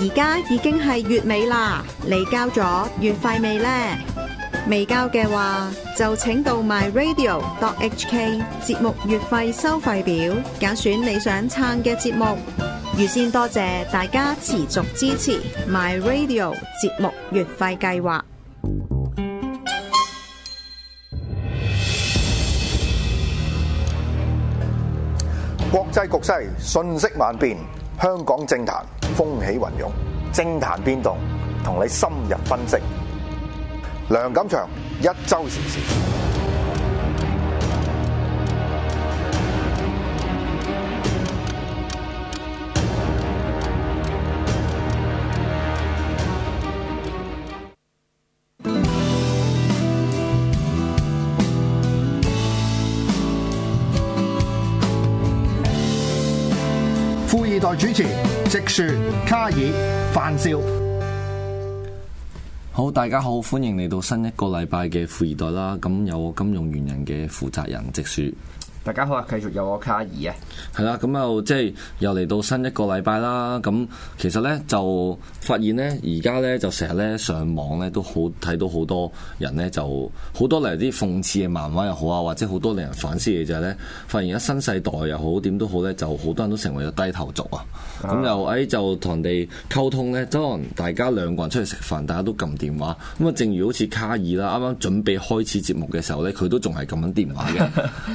而家已經係月尾啦，你交咗月費未呢？未交嘅話，就請到 MyRadio.HK 節目月費收費表，揀選你想撐嘅節目。預先多謝大家持續支持 MyRadio 節目月費計劃。國際局勢瞬息萬變，香港政壇，風起雲湧，政壇變動，同你深入分析。梁錦祥一周時事，富二代主持。樹卡爾范少，好，大家好，歡迎嚟到新一個禮拜嘅富易袋啦，咁有我金融原人嘅負責人直樹。大家好啊！繼續有我卡爾、 嗯、啊！係啦，咁 又樂、啊、即係又嚟到新一個禮拜啦。咁其實呢，就發現呢，而家呢，就成日呢，上網呢都好睇到好多人呢，就好多嚟啲諷刺嘅漫畫又好啊，或者好多令人反思嘅就係呢，發現而家新世代又好點都好呢，就好多人都成為咗低頭族啊。咁又誒就同人哋溝通呢，就，可能大家兩個人出去食飯，大家都撳電話。咁啊，正如好似卡爾啦，啱啱準備開始節目嘅時候呢，佢都仲係撳緊電話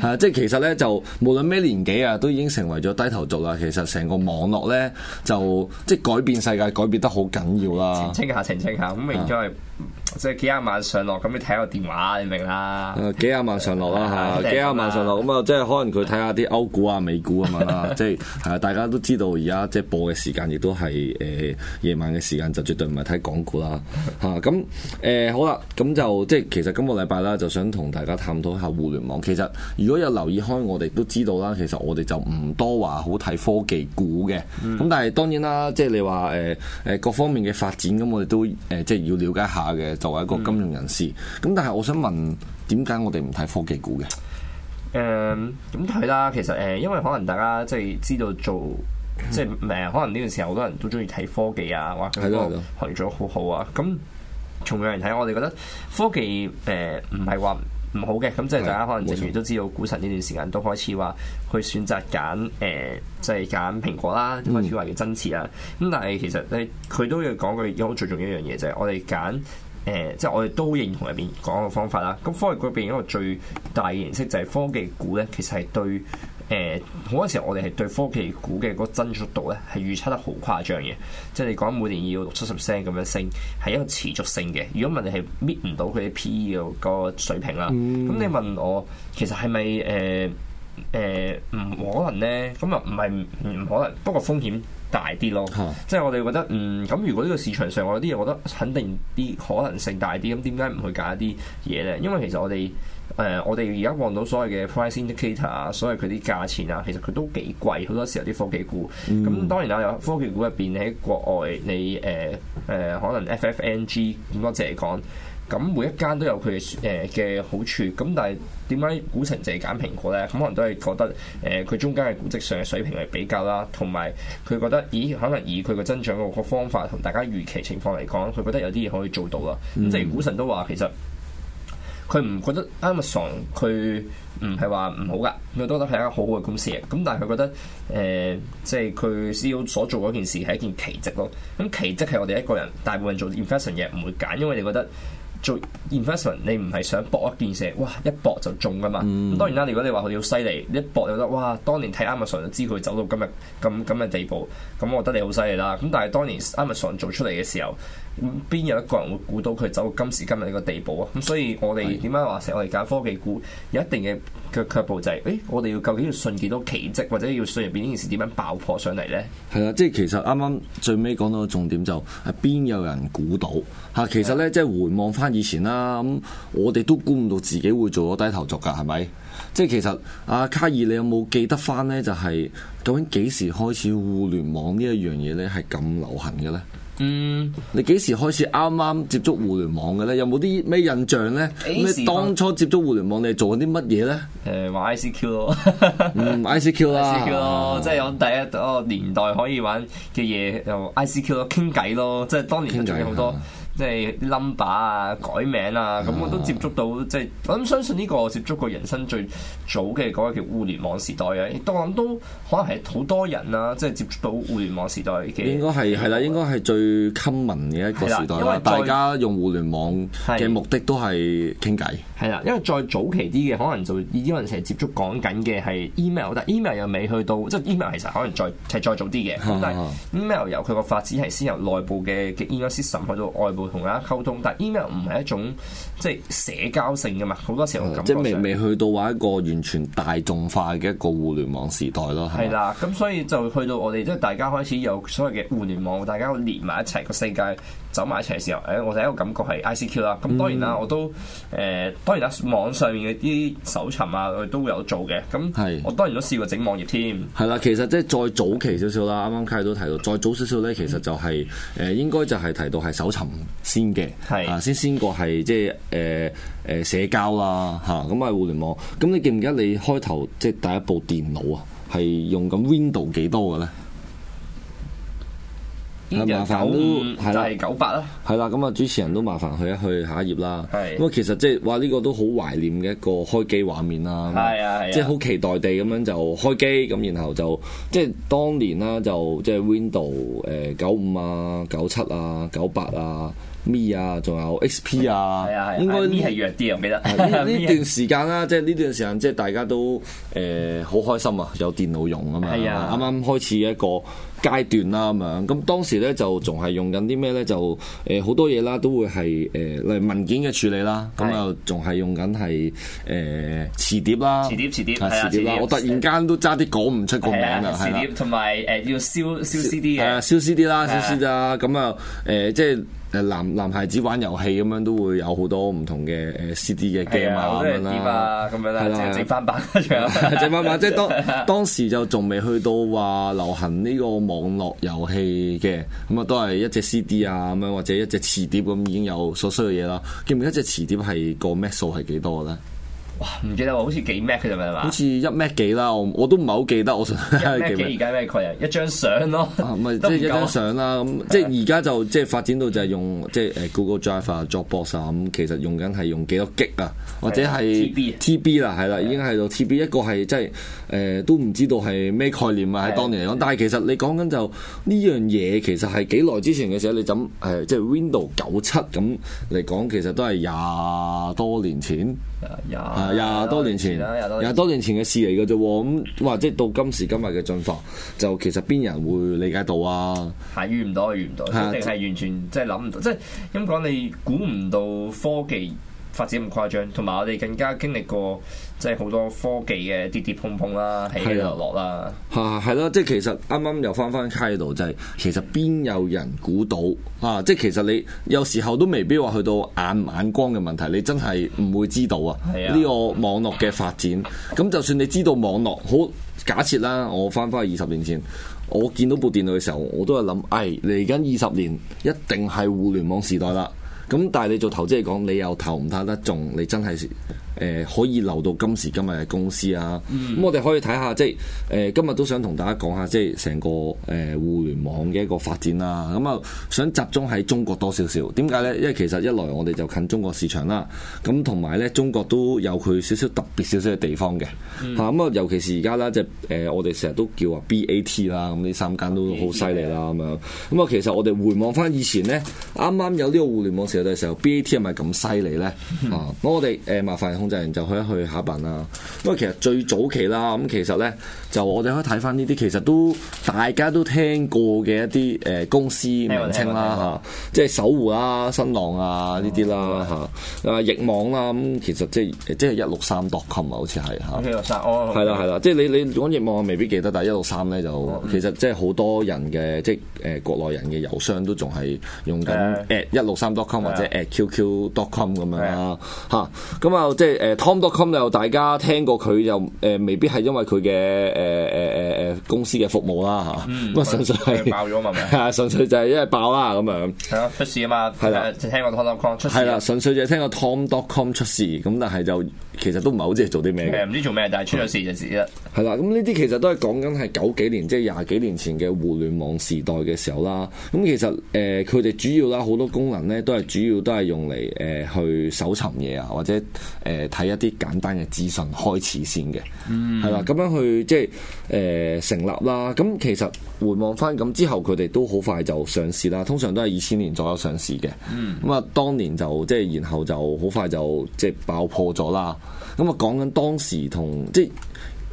嘅。即係其其實咧就無論咩年紀啊，都已經成為咗低頭族啦。其實成個網絡咧就即係改變世界，改變得好緊要啦。澄清下，澄清下，咁係真係。嗯即係幾啊萬上落，咁你睇下個電話，你明啦。誒，幾啊萬上落啦吓，幾啊萬上落，咁啊，即係可能佢睇下啲歐股啊、美股啊嘛，即係係啊，大家都知道而家即係播嘅時間亦都係誒夜晚嘅時間，就絕對唔係睇港股啦、啊、吓。咁誒、 啊呃、好啦，咁就即係其實今個禮拜啦，就想同大家探討下互聯網。其實如果有留意開，我哋都知道啦。其實我哋就唔多話好睇科技股嘅，咁、嗯、但係當然啦，即係你話誒誒各方面嘅發展，咁我哋都誒即係要了解下嘅。作為一個金融人士，咁、嗯、但係我想問，點解我哋唔睇科技股嘅？誒、嗯，咁睇啦。其實誒、呃，因為可能大家即係知道做、嗯、即係誒、呃，可能呢段時間好多人都中意睇科技啊，或者個學業做咗好好啊。咁從個人睇，我哋覺得科技誒唔係話唔好嘅。咁即係大家可能正如都知道，股神呢段時間都開始話去選擇揀誒、呃，就係、是、揀蘋果啦、啊，開始話叫增持啊。咁、嗯嗯、但係其實誒，佢都要講句有最重要一樣嘢就係、是、我哋揀。誒、呃，即係我哋都認同入邊講嘅方法啦。咁科技股嗰邊一個最大嘅形式就係科技股咧，其實係對誒好多時候我哋係對科技股嘅個增速度咧係預測得好誇張嘅。即係你講每年要六七十 percent 咁樣升，係一個持續性嘅。如果問題係搣唔到佢啲 PE 的個水平啦，咁、嗯、你問我其實係咪誒誒唔可能咧？咁啊唔係唔可能。不過風險，大啲咯，即係 亮我哋覺得嗯咁，如果呢個市場上有我有啲嘢，覺得肯定啲可能性大啲，咁點解唔去揀一啲嘢咧？因為其實我哋誒、呃、我哋而家望到所謂嘅 price indicator 啊，所謂佢啲價錢啊，其實佢都幾貴，好多時候啲科技股。咁當然啦、啊，有科技股入邊喺國外你，你誒誒可能 FFNG 咁多隻嚟講。咁每一間都有佢誒嘅好處，咁但係點解股神淨係揀蘋果咧？咁可能都係覺得誒佢中間嘅估值上嘅水平係比較啦，同埋佢覺得，咦？可能以佢嘅增長個方法同大家預期情況嚟講，佢覺得有啲嘢可以做到啦。咁即係股神都話，其實佢唔覺得 Amazon 佢唔係話唔好噶，佢都覺得係一個好好嘅公司嘅。咁但係佢覺得誒，即係佢要所做嗰件事係一件奇蹟咯。咁奇蹟係我哋一個人，大部分做 investment 嘅唔會揀，因為你覺得。做 investment 你唔係想搏一件嘢，哇一搏就中噶嘛。咁、嗯、當然啦，如果你話佢好犀利，一搏就得，哇！當年睇 Amazon 就知佢走到今日咁咁嘅地步，咁我覺得你好犀利啦。咁但係當年 Amazon 做出嚟嘅時候，邊有一個人會估到佢走到今時今日呢個地步啊？咁所以我哋點解話成我哋搞科技股有一定嘅嘅腳步就係、是、誒，我哋要究竟要信幾多奇蹟，或者要信入邊呢件事點樣爆破上嚟？呢？係啊，即係其實啱啱最尾講到個重點就係、是、邊有人估到吓？其實呢，的即係回望翻以前啦，咁我哋都估唔到自己會做咗低頭族噶，係咪？即係其實阿、啊、卡爾，你有冇記得翻呢？就係、是、究竟幾時開始互聯網呢一樣嘢呢？係咁流行嘅呢？嗯，你幾時開始啱啱接觸互聯網嘅咧？有冇啲咩印象咧？你當初接觸互聯網你，你係做緊啲乜嘢咧？誒，玩 ICQ 咯， 嗯，ICQ 啦 ICQ 咯，啊、即係我第一個年代可以玩嘅嘢就 ICQ 咯，傾偈咯，即係當年仲有好多。即係 number 啊、改名啊，咁我都接觸到，即係我諗相信呢個接觸過人生最早嘅嗰個叫互聯網時代啊，我諗都可能係好多人啦、啊，即係接觸到互聯網時代嘅、嗯，應該係係啦，應該係最 common 嘅一個時代，因為大家用互聯網嘅目的都係傾偈。係啦，因為再早期啲嘅可能就啲人成日接觸講緊嘅係 email，但 email 又未去到，即係 email 其實可能再係再早啲嘅。啊、但係 email 由佢個發展係先由內部嘅嘅 in system 去到外部。同佢溝通，但 email 唔係一種。即係社交性嘅嘛，好多時候感覺上、嗯、即係未未去到話一個完全大眾化嘅一個互聯網時代咯，係啦。咁所以就去到我哋即係大家開始有所謂嘅互聯網，大家連埋一齊個世界走埋一齊嘅時候，誒、哎，我第一個感覺係 ICQ 啦。咁當然啦，嗯、我都誒、呃，當然啦，網上面嘅啲搜尋啊，我都會有做嘅。咁係我當然都試過整網頁添。係啦，其實即係再早期少少啦，啱啱卡爾都提到，再早少少咧，其實就係、是、誒、呃，應該就係提到係搜尋先嘅，係啊係，先先個係即係。誒誒、呃呃、社交啦嚇，咁啊、嗯、互聯網。咁你記唔記得你開頭即係第一部電腦啊，係用緊 Windows 幾多嘅咧？係九五，就係九八啦。係、啊、啦，咁、嗯、啊主持人都麻煩去一去下一頁啦。咁是、嗯、其實即係話呢個都好懷念嘅一個開機畫面啦啊。係啊即係好期待地咁樣就開機，咁然後就即係當年啦，就即係、就是、Windows、呃、九五啊、九啊、九七啊、九八啊。咪 e 啊，仲有 xp 啊，應該咪 e 係弱啲啊，唔、啊啊、得呢 段時間啦 Me，即係呢段時間，即係大家都誒好、呃、開心啊，有電腦用啊嘛，係啊，啱啱開始嘅一個階段啦咁樣。咁當時咧就仲係用緊啲咩咧？就誒好、呃、多嘢啦，都會係誒嚟文件嘅處理啦。咁啊，仲係用緊係誒磁碟啦，磁碟磁碟啦。我突然間都差啲講唔出個名啊，係碟同埋誒要燒燒 CD 嘅，燒、啊、CD 啦，燒 CD, 啦燒 CD 啦啊。咁啊，誒、啊呃、即係。誒，男男孩子玩遊戲，咁樣都會有好多唔同嘅誒 CD 嘅 game 啊咁樣啦，咁樣啦，整翻版， 整翻版， 即係當當時就仲未去到話流行呢個網絡遊戲嘅，咁啊都係一隻 CD 啊咁樣，或者一隻磁碟咁已經有所需嘅嘢啦。記唔記得一隻磁碟係個咩數係幾多咧？唔記得喎，好似幾咩嘅 p 係嘛？好似一咩 b 啦，我，我都唔係好記得。我純一 Mbps 而家咩概念？一張相咯，唔係即係一張相啦。咁是的 即係而家就即係發展到就係用即係誒 Google Drive 啊、Dropbox 啊咁。其實用緊係用幾多 G 啊？或者係 TB、TB 啦，係啦，已經喺度 TB 一個係即係誒都唔知道係咩概念啊！喺當年嚟講，是的 但係其實你講緊就呢樣嘢，其實係幾耐之前嘅時候，你就誒、是、即係 Windows 九七咁嚟講，其實都係廿多年前。廿廿多年前，廿多年前嘅事嚟嘅啫喎，咁話即到今時今日嘅進化，就其實邊人會理解到啊？係遇唔到就遇唔到，一定係完全、啊、即係諗唔到，啊、即係咁講？你估唔到科技。發展咁誇張，同埋我哋更加經歷過即係好多科技嘅跌跌碰碰啦，起起落落啦、啊。嚇係咯，即係其實啱啱又翻翻喺度就係，其實邊有人估到啊？即係其，就是其，啊、其實你有時候都未必話去到眼唔眼光嘅問題，你真係唔會知道啊！呢、啊、個網絡嘅發展，咁就算你知道網絡好，假設啦，我翻翻去二十年前，我見到部電腦嘅時候，我都係諗，哎，嚟緊二十年一定係互聯網時代啦。咁但係你做投資嚟講，你又投唔投得中？你真係。誒、呃、可以留到今時今日嘅公司啊，咁、嗯、我哋可以睇下即係誒、呃、今日都想同大家講下即係成個誒、呃、互聯網嘅一個發展啦、啊，咁、嗯、啊想集中喺中國多少少，點解咧？因為其實一來我哋就近中國市場啦，咁同埋咧中國都有佢少少特別少少嘅地方嘅嚇，咁、嗯、啊尤其是而家、呃、啦，即係誒我哋成日都叫啊 BAT 啦，咁呢三間都好犀利啦，咁 BAT 樣，咁啊其實我哋回望翻以前咧，啱啱有呢個互聯網時代嘅時候，BAT 係咪咁犀利咧？啊，咁、嗯、我哋誒麻煩。控制人就可一去下品啦，因為其實最早期啦，咁其實咧就我哋可以睇翻呢啲，其實都大家都聽過嘅一啲誒公司名稱啦吓，即係搜狐啦、新浪啊呢啲啦吓，誒翼網啦，咁其實即係即係一六三 .com 啊，好似係嚇。一六三，我係啦係啦，即係你你講翼網我未必記得，但係一六三咧就其實即係好多人嘅即係誒國內人嘅郵箱都仲係用緊誒一六三 dot com 或者誒 QQ dot com 咁樣啦吓，咁啊即係。誒 Tom.com 又大家聽過佢，又誒未必係因為佢嘅誒誒誒誒公司嘅服務啦嚇，咁啊、嗯、純粹係爆咗嘛，係啊 純粹就係因為爆啦咁樣，係啊出事啊嘛，係啦就聽過 Tom.com 出，出事，係啦純粹就係聽過 Tom.com 出事，咁但係就。其實都唔係好似係做啲咩嘅，唔、嗯、知做咩，但係出咗事就事啫。係啦，咁呢啲其實都係講緊係九幾年，即係廿幾年前嘅互聯網時代嘅時候啦。咁其實誒，佢、呃、哋主要啦好多功能咧，都係主要都係用嚟誒、呃、去搜尋嘢啊，或者誒睇、呃、一啲簡單嘅資訊開始先嘅。嗯，係啦，咁樣去即係誒、呃、成立啦。咁其實。回望翻咁之後，佢哋都好快就上市啦。通常都係二千年左右上市嘅。咁啊、嗯，當年就即係然後就好快就即爆破咗啦。咁啊，講緊當時同即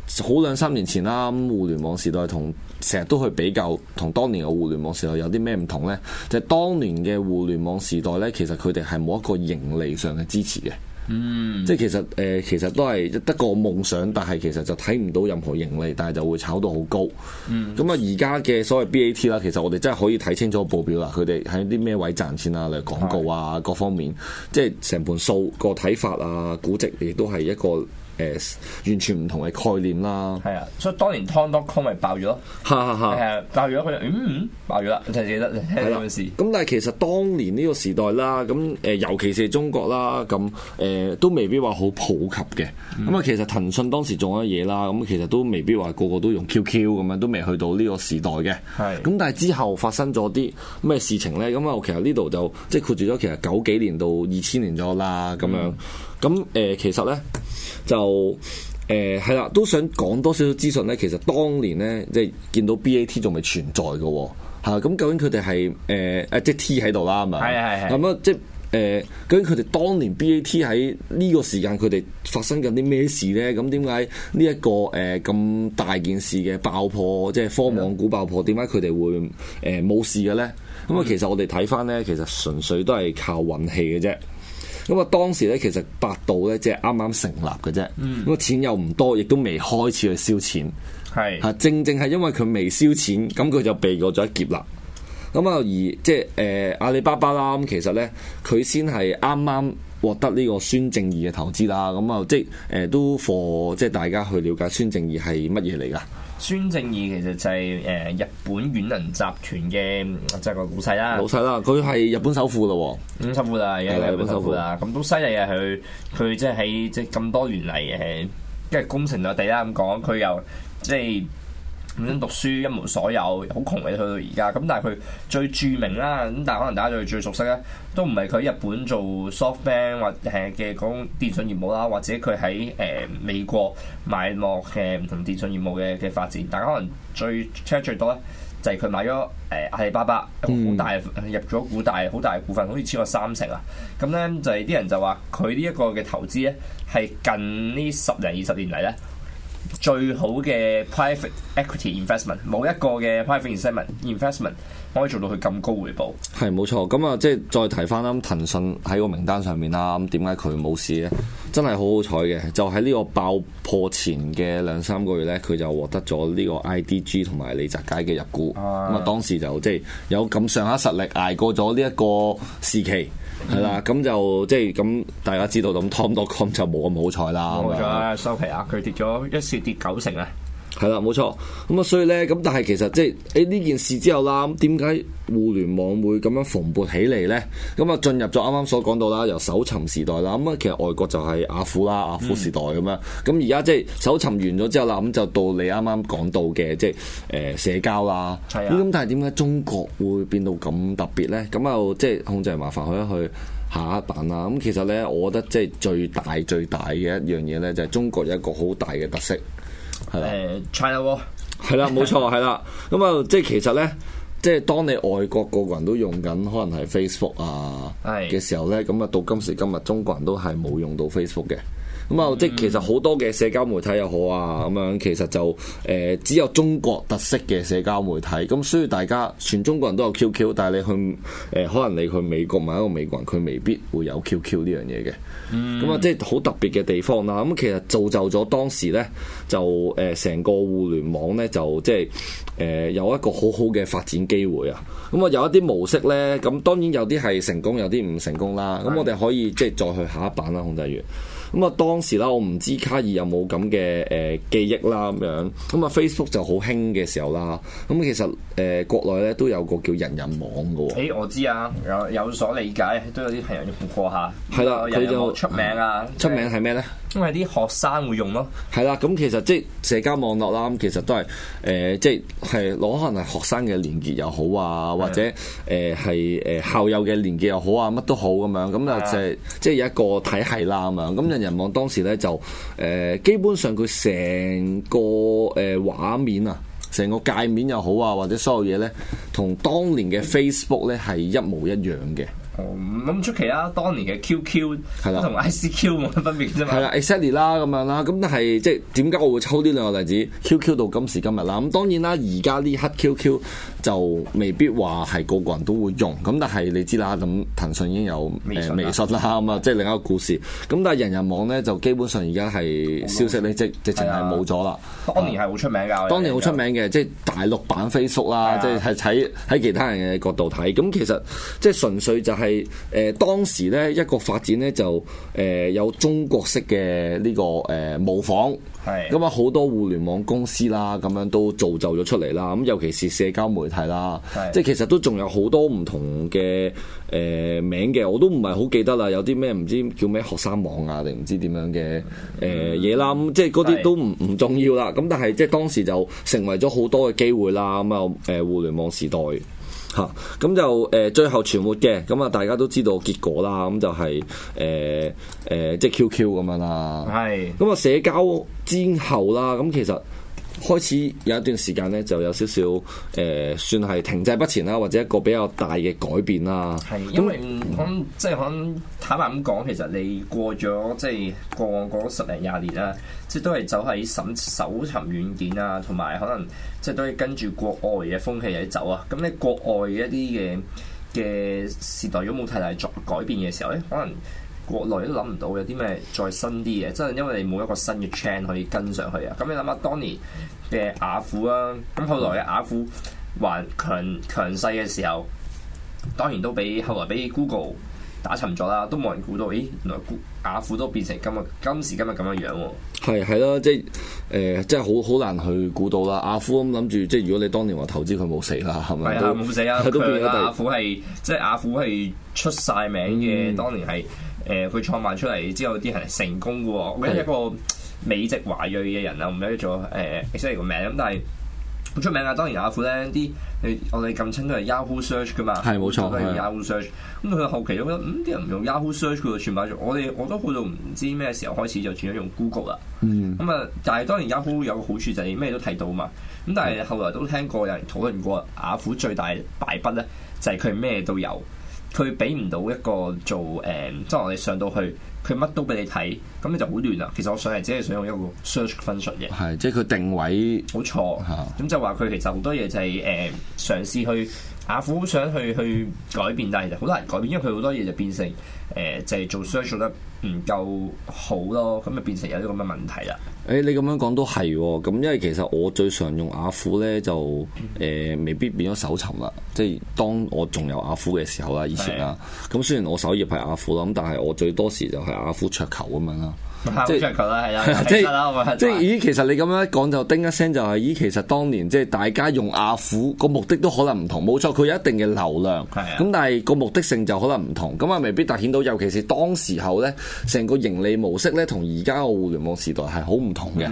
係好兩三年前啦。咁互聯網時代同成日都去比較，同當年嘅互聯網時代有啲咩唔同呢？就係、當年嘅互聯網時代呢，其實佢哋係冇一個盈利上嘅支持嘅。嗯，即係其實誒、呃，其實都係得個夢想，但係其實就睇唔到任何盈利，但係就會炒到好高。嗯，咁啊，而家嘅所謂 BAT 啦，其實我哋真係可以睇清楚個報表啦，佢哋喺啲咩位賺錢啊，例如廣告啊是各方面，即係成盤數個睇法啊，估值亦都係一個。誒，完全唔同嘅概念啦，係啊，所以當年 Tong Dot Com 咪爆咗咯，係啊，啊爆咗佢、嗯，嗯，爆咗啦，就記得呢件事。咁但係其實當年呢個時代啦，咁誒，尤其是中國啦，咁、呃、誒，都未必話好普及嘅。咁啊，其實騰訊當時做咗嘢啦，咁其實都未必話個個都用 QQ 咁樣，都未去到呢個時代嘅。係，咁但係之後發生咗啲咩事情咧？咁啊，其實呢度就即係括住咗，其實九幾年到二千年咗啦，咁樣。嗯咁誒、嗯，其實咧就誒係啦，都想講多少啲資訊咧。其實當年咧，即係見到 B A T 仲未存在嘅喎，咁究竟佢哋係誒誒即 T 喺度啦，係咪？係係係。咁啊，即係誒，究竟佢哋、呃嗯呃、當年 B A T 喺呢個時間佢哋發生緊啲咩事咧？咁點解呢一個誒咁、呃、大件事嘅爆破，即係科網股爆破，點解佢哋會誒冇、呃、事嘅咧？咁啊，其實我哋睇翻咧，其實純粹都係靠運氣嘅啫。咁啊，當時咧其實百度咧即係啱啱成立嘅啫，咁啊、嗯、錢又唔多，亦都未開始去燒錢，係嚇是正正係因為佢未燒錢，咁佢就避過咗一劫啦。咁啊而即係誒、呃、阿里巴巴啦，咁其實咧佢先係啱啱獲得呢個孫正義嘅投資啦。咁、嗯、啊即係誒、呃、都課即係大家去了解孫正義係乜嘢嚟㗎？孫正義其實就係誒日本軟銀集團嘅即係個股西啦老，老細啦，佢係日本首富咯喎、哦嗯，日本首富啦，係日本首富啦，咁都犀利啊！佢佢即係喺即係咁多年嚟誒，即係攻城掠地啦咁講，佢又即係。本身讀書一無所有，好窮嘅去到而家。咁但係佢最著名啦，咁但係可能大家最最熟悉咧，都唔係佢日本做 softbank 或誒嘅嗰種電訊業務啦，或者佢喺誒美國買落誒唔同電信業務嘅嘅發展。大家可能最 check 最多咧，就係佢買咗誒阿里巴巴好大、嗯、入咗股大好大股份，好似超過三成啊。咁咧就係啲人就話佢呢一個嘅投資咧，係近呢十零二十年嚟咧。最好嘅 private equity investment，冇一個嘅 private investment investment 可以做到佢咁高回報。係冇錯，咁啊即係再提翻啦、嗯，騰訊喺個名單上面啦，咁點解佢冇事咧？真係好好彩嘅，就喺呢個爆破前嘅兩三個月咧，佢就獲得咗呢個 IDG 同埋李澤楷嘅入股。咁啊、嗯，當時就即係、就是、有咁上下實力捱過咗呢一個時期。係啦，咁 就即係咁，大家知道咁，Tom.com 就冇咁好彩啦。冇錯，收皮啊！佢跌咗一時跌九成啊！係啦，冇錯。咁啊、嗯，所以咧，咁但係其實即係誒呢件事之後啦，咁點解互聯網會咁樣蓬勃起嚟咧？咁、嗯、啊，進入咗啱啱所講到啦，由搜尋時代啦，咁、嗯、啊，嗯、其實外國就係阿虎啦，阿虎時代咁樣。咁而家即係搜尋完咗之後啦，咁就到你啱啱講到嘅，即係誒社交啦。係啊的。咁但係點解中國會變到咁特別咧？咁又即係控制麻煩去一去下一版啦。咁、嗯、其實咧，我覺得即係最大最大嘅一樣嘢咧，就係中國有一個好大嘅特色。誒 China War 係啦，冇錯係啦。咁啊，即係其實咧，即係當你外國個個人都用緊，可能係 Facebook 啊嘅是時候咧，咁啊到今時今日，中國人都係冇用到 Facebook 嘅。咁啊，即係、嗯、其實好多嘅社交媒體又好啊，咁樣其實就誒、呃、只有中國特色嘅社交媒體。咁、嗯、所以大家全中國人都有 QQ，但係你去誒、呃、可能你去美國某一個美國人，佢未必會有 QQ 呢樣嘢嘅。咁、嗯、啊，即係好特別嘅地方啦。咁、嗯、其實造就咗當時呢，就誒成、呃、個互聯網呢，就即係誒有一個好好嘅發展機會啊。咁、嗯、啊，有一啲模式呢，咁當然有啲係成功，有啲唔成功啦。咁我哋可以的即係再去下一版啦，控制員。咁啊、嗯，當時啦，我唔知卡爾有冇咁嘅誒記憶啦，咁樣咁啊、嗯、Facebook 就好興嘅時候啦。咁、嗯、其實誒、呃、國內咧都有個叫人人網嘅喎、哦欸。我知啊，有有所理解，都有啲朋友要用過下。係啦，人人網出名啊！就就是、出名係咩咧？因為啲學生會用咯、啊，係啦、啊，咁其實即係社交網絡啦，咁其實都係誒、呃，即係攞可能係學生嘅連結又好啊， 或者誒係誒校友嘅連結又好啊，乜都好咁樣，咁 就即係即係一個體系啦，咁樣，咁人人網當時咧就誒、呃，基本上佢成個誒畫面啊，成個界面又好啊，或者所有嘢咧，同當年嘅 Facebook 咧係一模一樣嘅。咁出奇啦！當年嘅 QQ 係啦，同 ICQ 冇乜分別啫嘛。係啦，以色列啦咁樣啦，咁但係即係點解我會抽呢兩個例子？QQ 到今時今日啦，咁當然啦，而家呢刻 QQ 就未必話係個個人都會用，咁但係你知啦，咁騰訊已經有微信啦，咁啊，即係另一個故事。咁但係人人網咧就基本上而家係消息咧，即係直情係冇咗啦。當年係好出名噶，當年好出名嘅，即係大陸版 Facebook 啦，即係喺喺其他人嘅角度睇，咁其實即係純粹就。係誒，當時咧一個發展咧就誒有中國式嘅呢個誒模仿，係咁啊好多互聯網公司啦，咁樣都造就咗出嚟啦。咁尤其是社交媒體啦，的即係其實都仲有好多唔同嘅誒、呃、名嘅，我都唔係好記得啦。有啲咩唔知叫咩學生網啊，定唔知點樣嘅誒嘢啦。咁即係嗰啲都唔唔的重要啦。咁但係即係當時就成為咗好多嘅機會啦。咁、呃、啊，誒互聯網時代。嚇，咁、啊、就誒、呃、最後傳活嘅，咁、嗯、啊大家都知道結果啦，咁、嗯、就係誒誒即係 QQ 咁樣啦，係是，咁啊、嗯、社交之後啦，咁、嗯、其實。開始有一段時間咧，就有少少誒、呃，算係停滯不前啦，或者一個比較大嘅改變啦。係，因為咁即係可能坦白咁講，其實你過咗即係過過十零廿年啦，即係都係走喺搜搜尋軟件啊，同埋可能即係都係跟住國外嘅風氣喺走啊。咁你國外一啲嘅嘅時代，如果冇太大作改變嘅時候咧，可能。國內都諗唔到有啲咩再新啲嘅，真係因為你冇一個新嘅 chain 可以跟上去想想啊！咁你諗下當年嘅雅虎啊，咁後來嘅雅虎還強強勢嘅時候，當然都俾後來俾 Google 打沉咗啦，都冇人估到，咦？原來雅虎都變成今日今時今日咁嘅樣喎、啊。係係咯，即係誒、呃，即係好好難去估到啦。雅虎咁諗住，即係如果你當年話投資佢冇死啦，係咪？係啊，冇死啊！佢雅虎係即係雅虎係出晒名嘅，嗯、當年係。誒，佢、呃、創辦出嚟之後，啲人成功嘅喎。我記得一個美籍華裔嘅人啊，唔記得咗誒，唔知咩名咁，但係好出名啊。當然雅虎咧，啲你我哋咁親都係 Yahoo Search 㗎嘛，係冇錯，都係 Yahoo Search 的。咁佢後期都覺得，嗯，啲人唔用 Yahoo Search 佢就全部我哋我都去到唔知咩時候開始就轉咗用 Google 啦。咁啊、嗯，但係當然雅虎有個好處就係咩都睇到嘛。咁但係後來都聽過有人討論過，雅虎最大敗筆咧就係佢咩都有。佢俾唔到一個做誒，即、嗯、係、就是、我哋上到去，佢乜都俾你睇，咁你就好亂啦。其實我上嚟只係想用一個 search function 嘅，係即係佢定位好錯，咁、嗯、就話佢其實好多嘢就係、是、誒、嗯、嘗試去。雅虎好想去去改變，但係其實好難改變，因為佢好多嘢就變成誒、呃，就係、是、做 search 做得唔夠好咯，咁就變成有啲咁嘅問題啦。誒、欸，你咁樣講都係，咁因為其實我最常用雅虎咧，就誒、呃、未必變咗搜尋啦，即係當我仲有雅虎嘅時候啦，以前啊，咁雖然我首頁係雅虎啦，咁但係我最多時就係雅虎桌球咁樣啦。 即係即係，咦嘿？其實你咁樣一講就叮一聲，就係、是、咦？其實當年即係大家用阿虎個目的都可能唔同。冇錯，佢有一定嘅流量，咁的但係個目的性就可能唔同。咁啊，未必凸顯到。尤其是當時候呢，成個盈利模式呢，同而家嘅互聯網時代係好唔同嘅。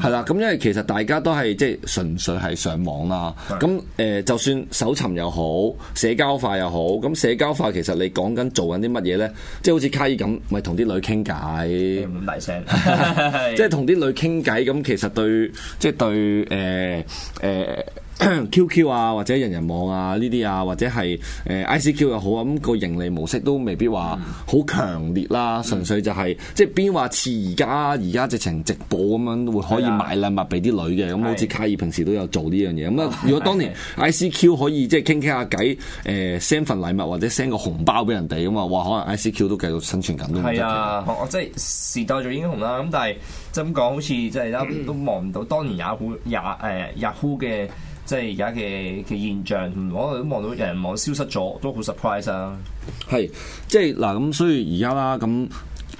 係啦，咁因為其實大家都係即係純粹係上網啦。咁誒的，就算搜尋又好，社交化又好。咁社交化其實你講緊做緊啲乜嘢呢？即係好似卡爾咁，咪同啲女傾偈。嗯 即係同啲女傾偈，咁其實對，即係對，誒、呃，誒、呃。Q Q 啊，或者人人網啊，呢啲啊，或者係誒 I C Q 又好啊，咁個盈利模式都未必話好強烈啦，純粹就係即係邊話似而家而家直情直播咁樣會可以買禮物俾啲女嘅，咁好似卡爾平時都有做呢樣嘢。咁啊，如果當年 I C Q 可以即係傾傾下偈，誒 send 份禮物或者 send 個紅包俾人哋咁啊，哇，可能 I C Q 都繼續生存緊。係啊，即係時代做英雄啦。咁但係就係咁講，好似即係都都望唔到當年 Yahoo、雅誒 Yahoo 嘅。即係而家嘅嘅現象，我哋都望到人人網消失咗，都好 surprise 啊！係即係嗱咁，所以而家啦咁，誒、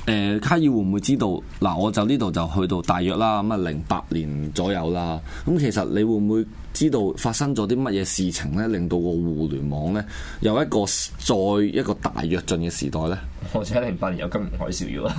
呃，卡爾會唔會知道？嗱，我就呢度就去到大約啦，咁啊零八年左右啦。咁其實你會唔會知道發生咗啲乜嘢事情咧，令到個互聯網咧有一個再一個大躍進嘅時代咧？或者零八年有金融海嘯要啊？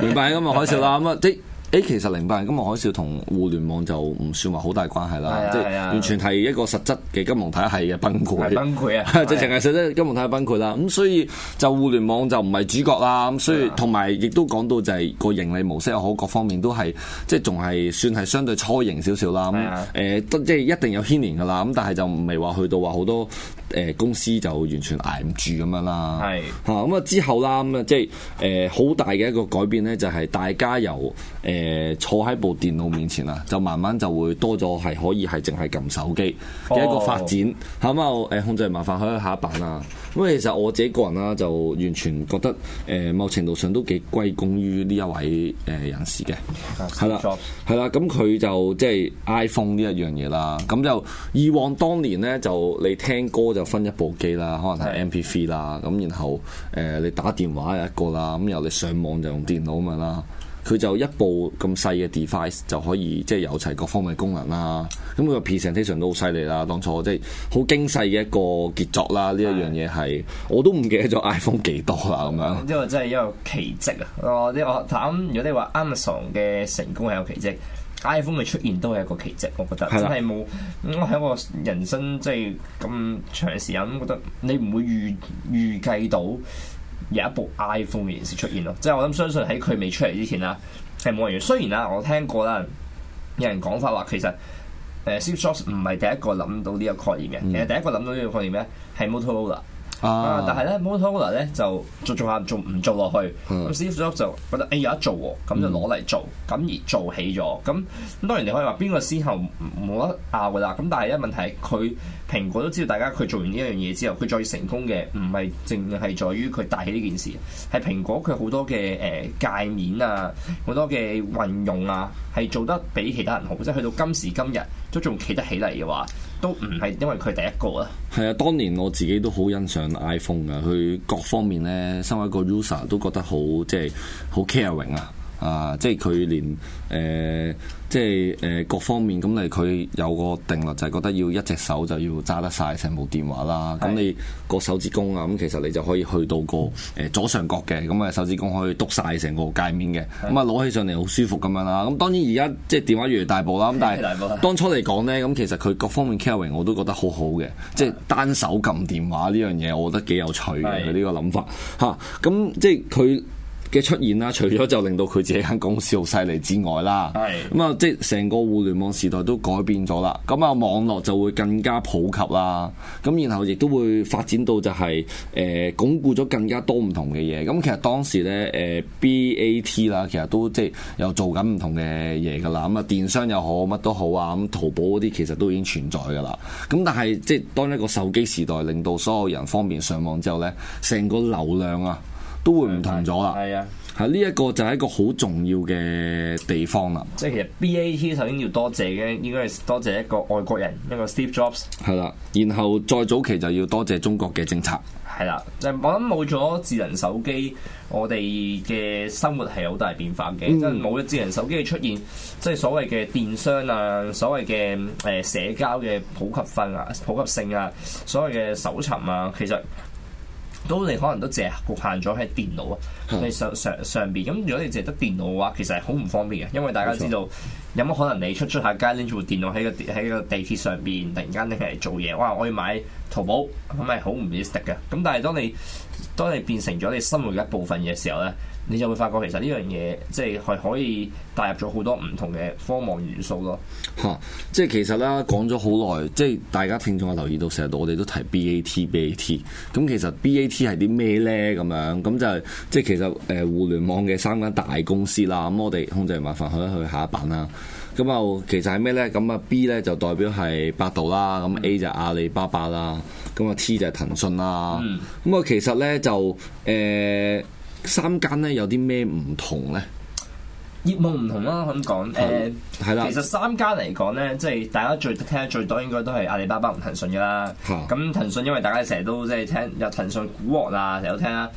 零八年金融海嘯啦，咁啊即。 誒，其實零八年金融海嘯同互聯網就唔算話好大關係啦，啊、即係完全係一個實質嘅金融體系嘅崩潰。崩潰啊！即係淨係實質金融體系崩潰啦。咁所以就互聯網就唔係主角啦。咁所以同埋、啊、亦都講到就係個盈利模式又好，各方面都係即係仲係算係相對初型少少啦。咁誒、啊嗯、即係一定有牽連㗎啦。咁但係就未話去到話好多。誒，公司就完全捱唔住咁樣啦，係吓咁啊之後啦，咁啊即係誒好大嘅一個改變咧，就係大家由誒、呃、坐喺部電腦面前啦，就慢慢就會多咗係可以係淨係撳手機嘅一個發展，咁啊誒控制麻煩，開下一版啊。咁其實我自己個人啦，就完全覺得誒、呃、某程度上都幾歸功於呢一位誒、呃、人士嘅，係 啦，係啦，咁佢就即係 iPhone 呢一樣嘢啦。咁就以往當年呢，就你聽歌就分一部機啦，可能係 MP3 啦，咁然後誒、呃、你打電話有一個啦，咁然後你上網就用電腦咪啦。佢就一部咁細嘅 device 就可以即係、就是、有齊各方面功能啦，咁佢個 presentation 都好犀利啦，當初即係好精細嘅一個傑作啦。呢是的 一樣嘢係我都唔記得咗 iPhone 幾多啦，咁樣。因為真係一個奇迹啊！我啲我諗，如果你話 Amazon 嘅成功係有奇蹟，iPhone 嘅出現都係一個奇蹟，我覺得真係冇是的、嗯。我喺我人生即係咁長時間，我覺得你唔會預預計到。有一部 iPhone 嘅形式出現咯，即係我諗相信喺佢未出嚟之前啦，係冇人要。雖然啦，我聽過啦，有人講法話其實，誒 Steve Jobs 唔係第一個諗到呢個概念嘅，嗯、其實第一個諗到呢個概念咧係 Motorola。啊！但係咧、啊、Motorola 咧就做做下，做唔做落去？咁 Steve Jobs、嗯、就覺得誒、欸、有得做喎、哦，咁就攞嚟做，咁而做起咗。咁咁、嗯、當然你可以話邊個先後冇得拗㗎啦。咁但係一問題佢蘋果都知道大家佢做完呢一樣嘢之後，佢再成功嘅唔係淨係在於佢大起呢件事，係蘋果佢好多嘅誒、呃、界面啊，好多嘅運用啊，係做得比其他人好，即係去到今時今日都仲企得起嚟嘅話。都唔係因為佢第一個啊，係啊，當年我自己都好欣賞 iPhone 啊，佢各方面呢，身為一個 user 都覺得好，即係好 caring 啊。就是啊，即係佢連誒、呃，即係誒、呃，各方面咁你佢有個定律就係覺得要一隻手就要揸得晒成部電話啦。咁的你個手指公啊，咁、嗯、其實你就可以去到個誒、呃、左上角嘅，咁、嗯、啊手指公可以督晒成個界面嘅。咁啊攞起上嚟好舒服咁樣啦。咁、嗯、當然而家即係電話越嚟大部啦。咁但係當初嚟講呢，咁、嗯、其實佢各方面 carrying 我都覺得好好嘅。即係單手撳電話呢樣嘢，我覺得幾有趣嘅，佢呢個諗法。吓、嗯，咁、嗯嗯嗯、即係佢。嘅出現啦，除咗就令到佢自己間公司好犀利之外啦，咁啊的、嗯，即係成個互聯網時代都改變咗啦。咁啊，網絡就會更加普及啦。咁然後亦都會發展到就係誒鞏固咗更加多唔同嘅嘢。咁、嗯、其實當時咧誒、呃、B A T 啦，其實都即係又做緊唔同嘅嘢噶啦。咁、嗯、啊，電商又好，乜都好啊。咁淘寶嗰啲其實都已經存在噶啦。咁、嗯、但係即係當一個手機時代令到所有人方便上網之後咧，成個流量啊～都會唔同咗啦，係啊、嗯，係呢一個就係一個好重要嘅地方啦。即係其實 B A T 首先要多謝嘅，應該係多謝一個外國人，一個 Steve Jobs。係啦，然後再早期就要多謝中國嘅政策。係啦，就我諗冇咗智能手機，我哋嘅生活係好大變化嘅。嗯、即係冇咗智能手機嘅出現，即係所謂嘅電商啊，所謂嘅誒、呃、社交嘅普及分啊、普及性啊，所謂嘅搜尋啊，其實。都你可能都淨係局限咗喺電腦啊，你、嗯、上上上邊咁、嗯、如果你淨係得電腦嘅話，其實係好唔方便嘅，因為大家知道錯有乜可能你出出下街拎住部電腦喺個喺個,個地鐵上邊，突然間拎起嚟做嘢，哇！我要買淘寶咁咪好唔 easy 嘅，咁、嗯嗯、但係當你當你變成咗你生活嘅一部分嘅時候咧。你就會發覺其實呢樣嘢即係係可以帶入咗好多唔同嘅科網元素咯、嗯。吓、啊！即係其實啦，講咗好耐，即係大家聽眾啊留意到成日我哋都提 B A T B A T。咁其實 B A T 係啲咩呢？咁樣咁就即係其實誒互聯網嘅三間大公司啦。咁、嗯嗯、我哋控制麻煩去一去下，下一版啦。咁、嗯、又其實係咩呢？咁啊 B 呢，就代表係百度啦，咁 A 就係阿里巴巴啦，咁啊 T 就係騰訊啦。咁啊，其實呢，就誒。欸三間咧有啲咩唔同咧？業務唔同啦、啊，咁講誒，係啦。其實三間嚟講咧，即、就、係、是、大家最聽最多應該都係阿里巴巴同騰訊噶啦。咁、嗯、騰訊因為大家成日都即係聽有騰訊股王啊，成日都聽啦、啊。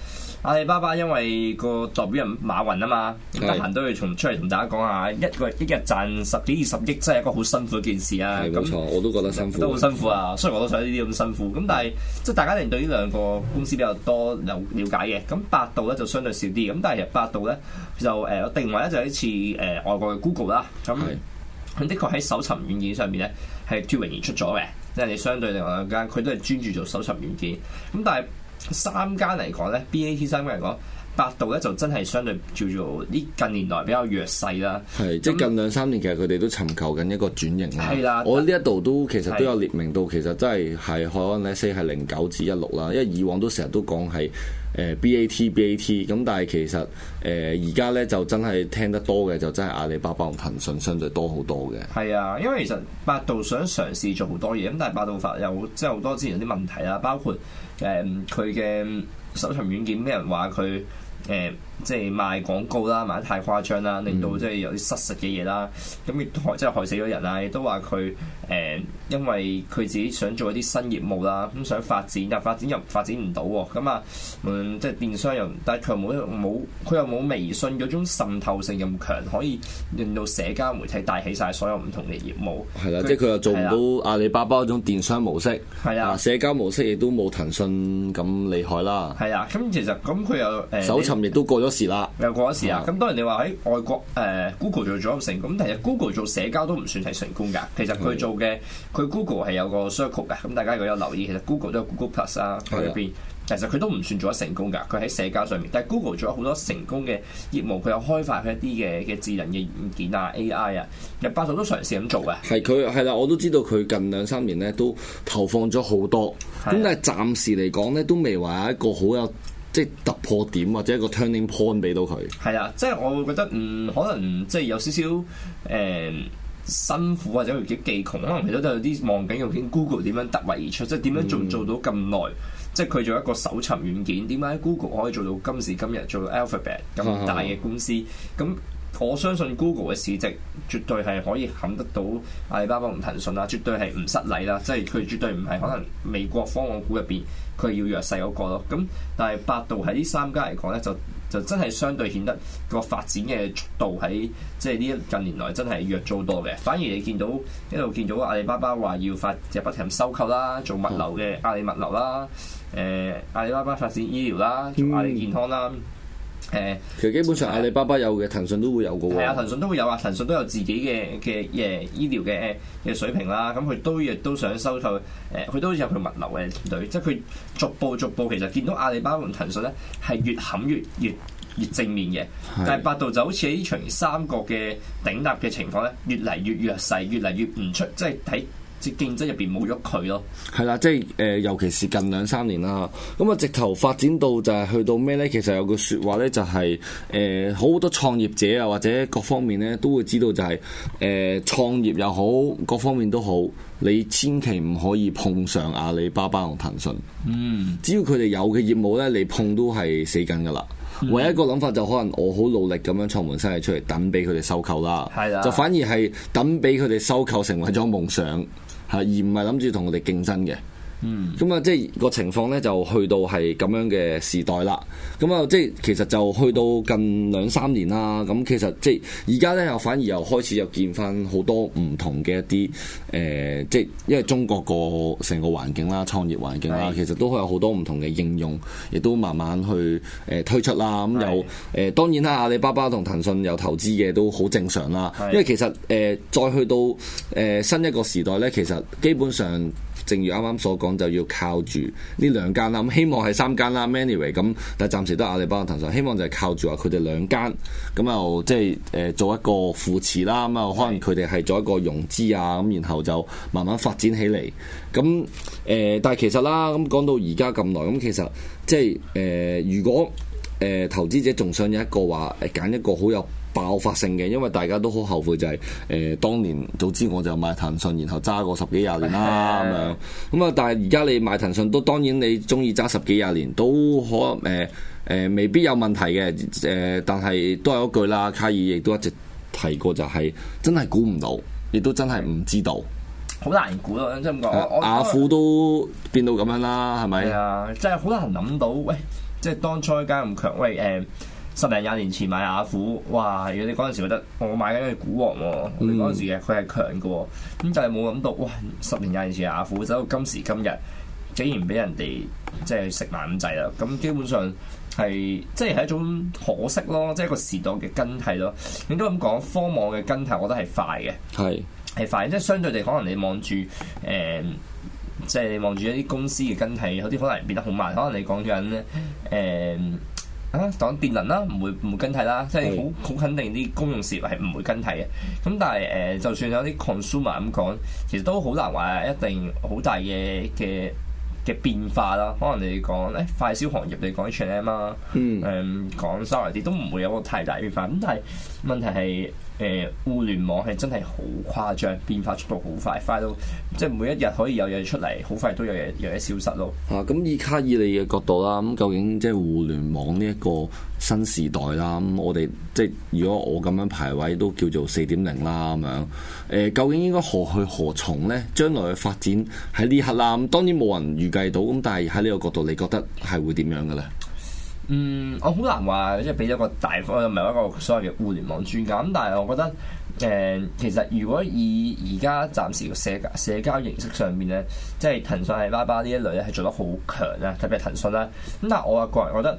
阿里巴巴因為個代表人馬雲啊嘛，得閒是都要從出嚟同大家講下，一個一日賺十幾二十億真係一個好辛苦嘅一件事啊！冇錯、嗯、我都覺得辛苦、啊，嗯、都好辛苦啊！雖然、嗯、我都想呢啲咁辛苦，咁但係、嗯、即係大家可能對呢兩個公司比較多有瞭解嘅。咁百度咧就相對少啲，咁但係百度咧就誒、呃、定位咧就係似誒外國嘅 Google 啦。咁佢是的確喺搜尋軟件上面咧係突圍而出咗嘅，即係你相對另外兩間佢都係專注做搜尋軟件，咁但係。三間嚟講咧，B A T 三間嚟講。百度咧就真係相對叫做呢近年來比較弱勢啦，係是、嗯、即係近兩三年其實佢哋都尋求緊一個轉型啦。係啦的，我呢一度都其實都有列明到，的其實真係係海安 LS 係零九至一六啦。因為以往都成日都講係誒 BAT、BAT 咁，但係其實誒而家咧就真係聽得多嘅就真係阿里巴巴同騰訊相對多好多嘅。係啊，因為其實百度想嘗試做好多嘢，咁但係百度法有即係好多之前有啲問題啦，包括誒佢嘅搜尋軟件，啲人話佢。誒，即係、嗯、賣廣告啦，賣得太誇張啦，令到即係有啲失實嘅嘢啦，咁亦都即係害死咗人啦。亦都話佢誒，因為佢自己想做一啲新業務啦，咁想發展，但係發展又發展唔到喎。咁、嗯、啊，即係電商又，但係佢又冇冇，佢又冇微信嗰種滲透性咁強，可以令到社交媒體帶起晒所有唔同嘅業務。係啦，他即係佢又做唔到阿里巴巴嗰種電商模式，係啦啊，啊社交模式亦都冇騰訊咁厲害啦。係啊，咁其實咁佢又誒。呃亦都過咗時啦，又過咗時啊！咁當然你話喺外國誒、呃、Google 做咗唔成功，咁其實 Google 做社交都唔算係成功㗎。其實佢做嘅，佢是 Google 係有個 circle 嘅，咁大家如果有留意，其實 Google 都有 Google Plus 啊，佢入邊，的其實佢都唔算做得成功㗎。佢喺社交上面，但係 Google 做咗好多成功嘅業務，佢有開發一啲嘅嘅智能嘅軟件啊、AI 啊，日百度都嘗試咁做嘅。係佢係啦，我都知道佢近兩三年咧都投放咗好多，咁的但係暫時嚟講咧都未話一個好有。即係突破點或者一個 turning point 俾到佢。係啊，即係我會覺得嗯，可能即係有少少誒、呃、辛苦或者技窮，可能其實都有啲望緊究竟 Google 點樣突圍而出，即係點樣仲做、嗯、做到咁耐？即係佢做一個搜尋軟件，點解 Google 可以做到今時今日做到 Alphabet 咁大嘅公司？咁、嗯嗯我相信 Google 嘅市值絕對係可以撼得到阿里巴巴同騰訊啦，絕對係唔失禮啦，即係佢絕對唔係可能美國方案股入邊，佢係要弱勢嗰個咯。咁但係百度喺呢三家嚟講咧，就就真係相對顯得個發展嘅速度喺即係呢近年來真係弱咗好多嘅。反而你見到一路見到阿里巴巴話要發，即不停收購啦，做物流嘅阿里物流啦，誒、呃、阿里巴巴發展醫療啦，做阿里健康啦。嗯誒，其實基本上阿里巴巴有嘅，騰訊都會有嘅喎。係啊，騰訊都會有啊，騰訊都有自己嘅嘅誒醫療嘅嘅水平啦。咁、嗯、佢都亦都想收購誒，佢、呃、都有佢物流嘅團隊，即係佢逐步逐步其實見到阿里巴巴同騰訊咧係越冚越越越正面嘅，但係百度就好似喺呢場三角嘅頂立嘅情況咧，越嚟越弱勢，越嚟越唔出，即係睇。競爭入邊冇喐佢咯，係啦，即係誒、呃，尤其是近兩三年啦，咁、嗯、啊直頭發展到就係去到咩呢？其實有句説話呢、就是，就係誒好多創業者啊，或者各方面呢，都會知道、就是，就係誒創業又好，各方面都好，你千祈唔可以碰上阿里巴巴同騰訊。嗯，只要佢哋有嘅業務呢，你碰都係死緊㗎喇。嗯、唯一一個諗法就可能我好努力咁樣創門生意出嚟，等俾佢哋收購啦。係的，就反而係等俾佢哋收購，成為咗夢想。嗯而唔係諗住同我哋競爭嘅。嗯，咁啊、嗯，即係個情況咧，就去到係咁樣嘅時代啦。咁、嗯、啊，即係其實就去到近兩三年啦。咁、嗯、其實即係而家咧，又反而又開始又見翻好多唔同嘅一啲誒、呃，即係因為中國個成個環境啦、創業環境啦，的其實都會有好多唔同嘅應用，亦都慢慢去誒、呃、推出啦。咁、嗯、有誒的、呃，當然啦、啊，阿里巴巴同騰訊有投資嘅都好正常啦。的因為其實誒、呃，再去到誒新一個時代咧，其實基本上。正如啱啱所講，就要靠住呢兩間啦，咁希望係三間啦。Anyway 咁，但係暫時都係阿里巴巴騰訊，希望就係靠住話佢哋兩間咁就即係誒、呃、做一個扶持啦。咁啊，可能佢哋係做一個融資啊，咁然後就慢慢發展起嚟。咁誒、呃，但係其實啦，咁講到而家咁耐，咁其實即係誒、呃，如果誒、呃、投資者仲想有一個話，誒揀一個好有。爆發性嘅，因為大家都好後悔，就係誒當年早知我就買騰訊，然後揸過十幾廿年啦咁樣。咁啊，但係而家你買騰訊都當然你中意揸十幾廿年都可誒誒，未必有問題嘅誒。但係都係嗰句啦，卡爾亦都一直提過，就係真係估唔到，亦都真係唔知道，好難估咯，真係咁講。雅虎都變到咁樣啦，係咪？啊，真係好難諗到。喂，即係當初間唔強，喂誒。十零廿年前買雅虎，哇！如果你嗰陣時覺得我買緊嘅股王喎、哦，嗯、我哋嗰時嘅佢係強嘅、哦，咁就係冇諗到，哇！十年廿年前雅虎走到今時今日，竟然俾人哋即係食埋咁滯啦！咁基本上係即係係一種可惜咯，即係一個時代嘅更替咯。應該咁講，科網嘅更替，我覺得係快嘅，係係是快即係相對地可能你望住誒，即係你望住一啲公司嘅更替，有啲可能變得好慢。可能你講緊誒。呃呃啊，講電能啦，唔會唔更替啦，即係好好肯定啲公用事業係唔會更替嘅。咁但係誒、呃，就算有啲 consumer 咁講，其實都好難話一定好大嘅嘅嘅變化啦。可能你講誒、欸、快消行業，你講啲 chain 啊，嗯，誒講 sorry 啲、嗯、都唔會有個太大變化。咁但係問題係。誒、呃、互聯網係真係好誇張，變化速度好快，快到即係每一日可以有嘢出嚟，好快都有嘢，有嘢消失咯。啊，咁、嗯、以卡爾你嘅角度啦，咁、嗯、究竟即係互聯網呢一個新時代啦，咁、嗯、我哋即係如果我咁樣排位都叫做四點零啦咁樣。誒、嗯嗯，究竟應該何去何從咧？將來嘅發展喺呢刻啦，咁、嗯、當然冇人預計到，咁、嗯、但係喺呢個角度，你覺得係會點樣嘅咧？嗯，我好難話，即係俾咗個大方又唔係一個所謂嘅互聯網專家。咁但係我覺得，誒、嗯，其實如果以而家暫時嘅社社交形式上面，咧，即係騰訊、阿里巴巴呢一類咧係做得好強啊，特別係騰訊啦。咁但係我啊個人覺得，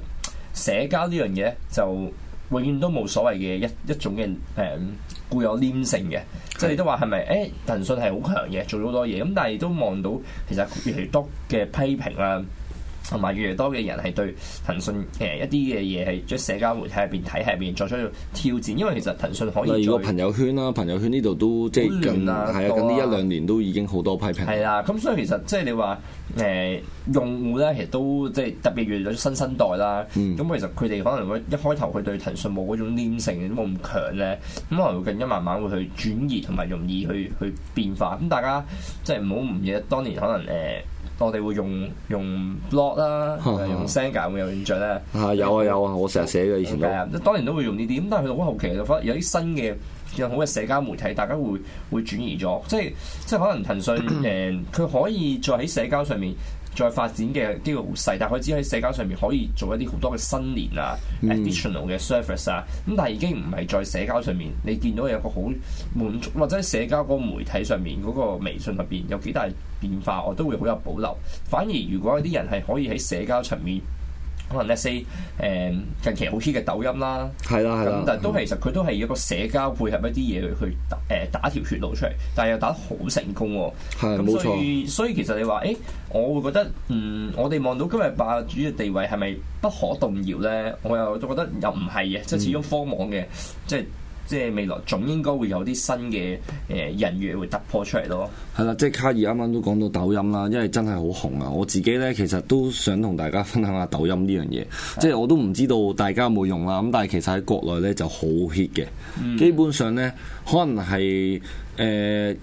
社交呢樣嘢就永遠都冇所謂嘅一一種嘅誒、嗯、固有黏性嘅。即係你都話係咪？誒、欸，騰訊係好強嘅，做咗好多嘢。咁但係都望到，其實越嚟越多嘅批評啦。同埋越嚟多嘅人係對騰訊誒、呃、一啲嘅嘢係喺社交媒體入邊睇，喺入邊作出咗挑戰。因為其實騰訊可以再如個朋友圈啦、啊，朋友圈呢度都即係係啊，咁呢近、啊、一兩年都已經好多批評、啊。係啦，咁所以其實即係你話誒、呃、用戶咧，其實都即係特別越咗新生代啦。咁、嗯、其實佢哋可能一開頭佢對騰訊冇嗰種黏性，冇咁強咧，咁可能會更加慢慢會去轉移同埋容易去去變化。咁大家即係唔好唔記得當年可能誒。我哋會用用 blog 啦，呵呵用 Sanger 會有印象咧。嚇、啊，有啊、嗯、有啊，我成日寫嘅以前都。當然都會用呢啲，咁但係我好好奇，有啲新嘅有好嘅社交媒體，大家會會轉移咗，即係即係可能騰訊誒，佢、 呃、可以再喺社交上面。再發展嘅機會好細，但係佢只喺社交上面可以做一啲好多嘅新年啊、嗯、，additional 嘅 service 啊，咁但係已經唔係在社交上面，你見到有個好滿足或者喺社交嗰個媒體上面嗰個微信入邊有幾大變化，我都會好有保留。反而如果有啲人係可以喺社交層面。可能 S A 誒近期好 hit 嘅抖音啦，係啦，咁但係都其實佢都係一個社交配合一啲嘢去誒打、呃、打條血路出嚟，但係又打得好成功喎、哦。咁的所以錯所以其實你話誒、欸，我會覺得嗯，我哋望到今日霸主嘅地位係咪不，不可動搖咧？我又覺得又唔係嘅，即係始終科網嘅、嗯、即係。即係未來總應該會有啲新嘅誒人員會突破出嚟咯。係啦，即係卡爾啱啱都講到抖音啦，因為真係好紅啊！我自己呢，其實都想同大家分享下抖音呢樣嘢，的即係我都唔知道大家有冇用啦。咁但係其實喺國內呢就好 hit 嘅，嗯、基本上呢，可能係。誒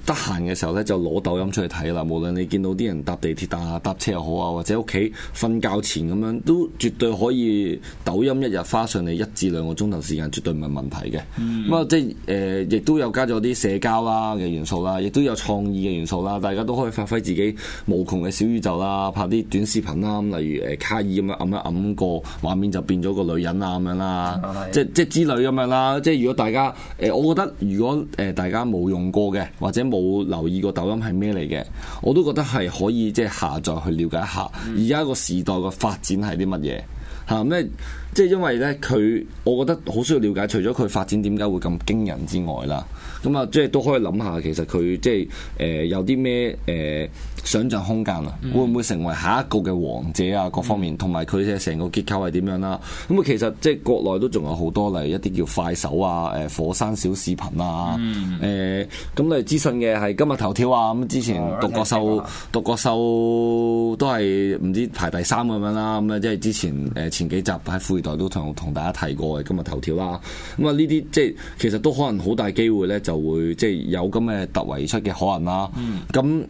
得閒嘅時候咧，就攞抖音出去睇啦。無論你見到啲人搭地鐵啊、搭車又好啊，或者屋企瞓覺前咁樣，都絕對可以抖音一日花上你一至兩個鐘頭時間，絕對唔係問題嘅。咁啊，即係誒，亦都有加咗啲社交啦嘅元素啦，亦都有創意嘅元素啦。大家都可以發揮自己無窮嘅小宇宙啦，拍啲短視頻啦。咁例如誒，卡爾咁樣揞一揞個，畫面就變咗個女人啊咁樣啦。即係即係之類咁樣啦。即係如果大家誒，我覺得如果誒大家冇用過，嘅，或者冇留意過抖音係咩嚟嘅，我都覺得係可以即係下載去了解下，而家個時代嘅發展係啲乜嘢吓？咩即係因為呢，佢，我覺得好需要了解，除咗佢發展點解會咁驚人之外啦，咁啊即係都可以諗下，其實佢即係誒有啲咩誒。呃想像空間啊，會唔會成為下一個嘅王者啊？各方面同埋佢哋成個結構係點樣啦？咁啊，其實即係國內都仲有好多例如一啲叫快手啊、誒火山小視頻啊、誒咁你資訊嘅係今、啊嗯 okay, 今日頭條啊。咁之前獨角獸、獨角獸都係唔知排第三咁樣啦。咁啊，即係之前誒前幾集喺富易袋都同同大家提過嘅今日頭條啦。咁啊，呢啲即係其實都可能好大機會咧，就會即係有咁嘅突圍而出嘅可能啦、啊。咁誒、嗯。嗯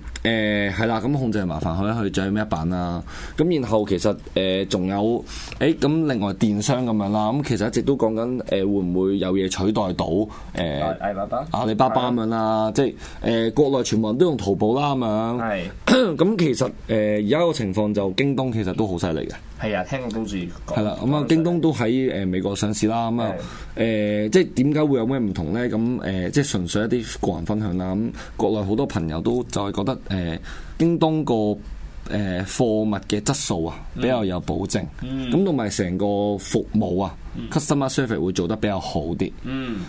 呃係啦，咁控制係麻煩，可以去掌握一版啦。咁然後其實誒仲有誒咁另外電商咁樣啦。咁其實一直都講緊誒會唔會有嘢取代到誒阿里巴巴，阿里巴巴咁樣啦，即係誒國內全部人都用淘寶啦咁樣。係咁其實誒而家個情況就京東其實都好犀利嘅。係啊，聽過都知。係啦，咁啊京東都喺誒美國上市啦。咁啊誒即係點解會有咩唔同咧？咁誒即係純粹一啲個人分享啦。咁國內好多朋友都就係覺得誒。京東個誒、呃、貨物嘅質素啊，比較有保證。咁同埋成個服務啊、嗯、customer service 會做得比較好啲。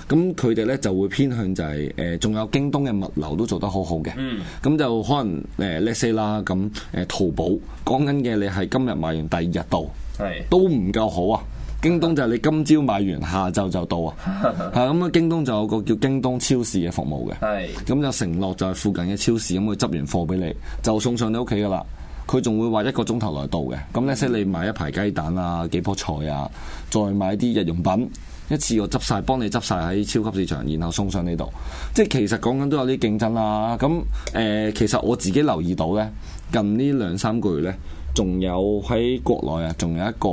咁佢哋咧就會偏向就係、是、誒，仲、呃、有京東嘅物流都做得好好嘅。咁、嗯、就可能誒 let's say 啦。咁誒、呃、淘寶講緊嘅你係今日買完第二日到，的都唔夠好啊！京東就係你今朝買完下晝就到啊，吓咁啊京東就有個叫京東超市嘅服務嘅，咁 就承諾就係附近嘅超市，咁佢執完貨俾你，就送上你屋企噶啦。佢仲會話一個鐘頭內到嘅。咁即使你買一排雞蛋啊，幾樖菜啊，再買啲日用品，一次我執晒幫你執晒喺超級市場，然後送上呢度。即係其實講緊都有啲競爭啦。咁誒、呃，其實我自己留意到呢，近呢兩三個月呢。仲有喺國內啊，仲有一個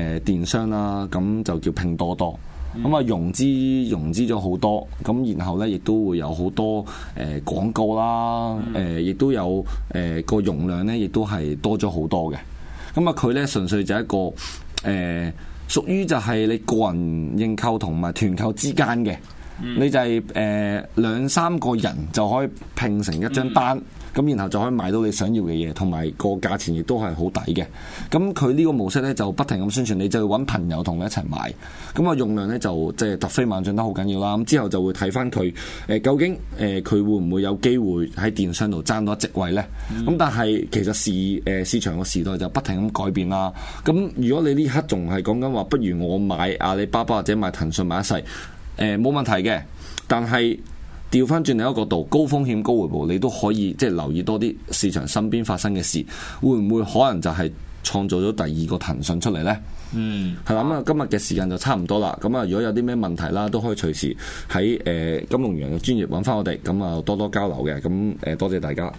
誒電商啦，咁就叫拼多多。咁啊融資融資咗好多，咁然後呢，亦都會有好多誒廣告啦，誒亦、嗯呃、都有誒個、呃、容量呢，亦都係多咗好多嘅。咁啊佢呢，純粹就一個誒屬、呃、於就係你個人應購同埋團購之間嘅，嗯、你就係、是、誒、呃、兩三個人就可以拼成一張單。嗯嗯。咁然後就可以買到你想要嘅嘢，同埋個價錢亦都係好抵嘅。咁佢呢個模式呢，就不停咁宣傳，你就揾朋友同佢一齊買。咁啊用量呢，就即係突飛猛進得好緊要啦。咁之後就會睇返佢誒究竟誒佢、呃、會唔會有機會喺電商度爭到一席位呢？咁、嗯、但係其實市誒、呃、市場個時代就不停咁改變啦。咁如果你呢刻仲係講緊話，不如我買阿里巴巴或者買騰訊買一世，誒、呃、冇問題嘅，但係。調翻轉，另一個角度，高風險高回報，你都可以即係、就是、留意多啲市場身邊發生嘅事，會唔會可能就係創造咗第二個騰訊出嚟呢？嗯，係啦，咁啊今日嘅時間就差唔多啦。咁啊，如果有啲咩問題啦，都可以隨時喺誒、呃、金融洋嘅專業揾翻我哋，咁啊多多交流嘅。咁誒多謝大家。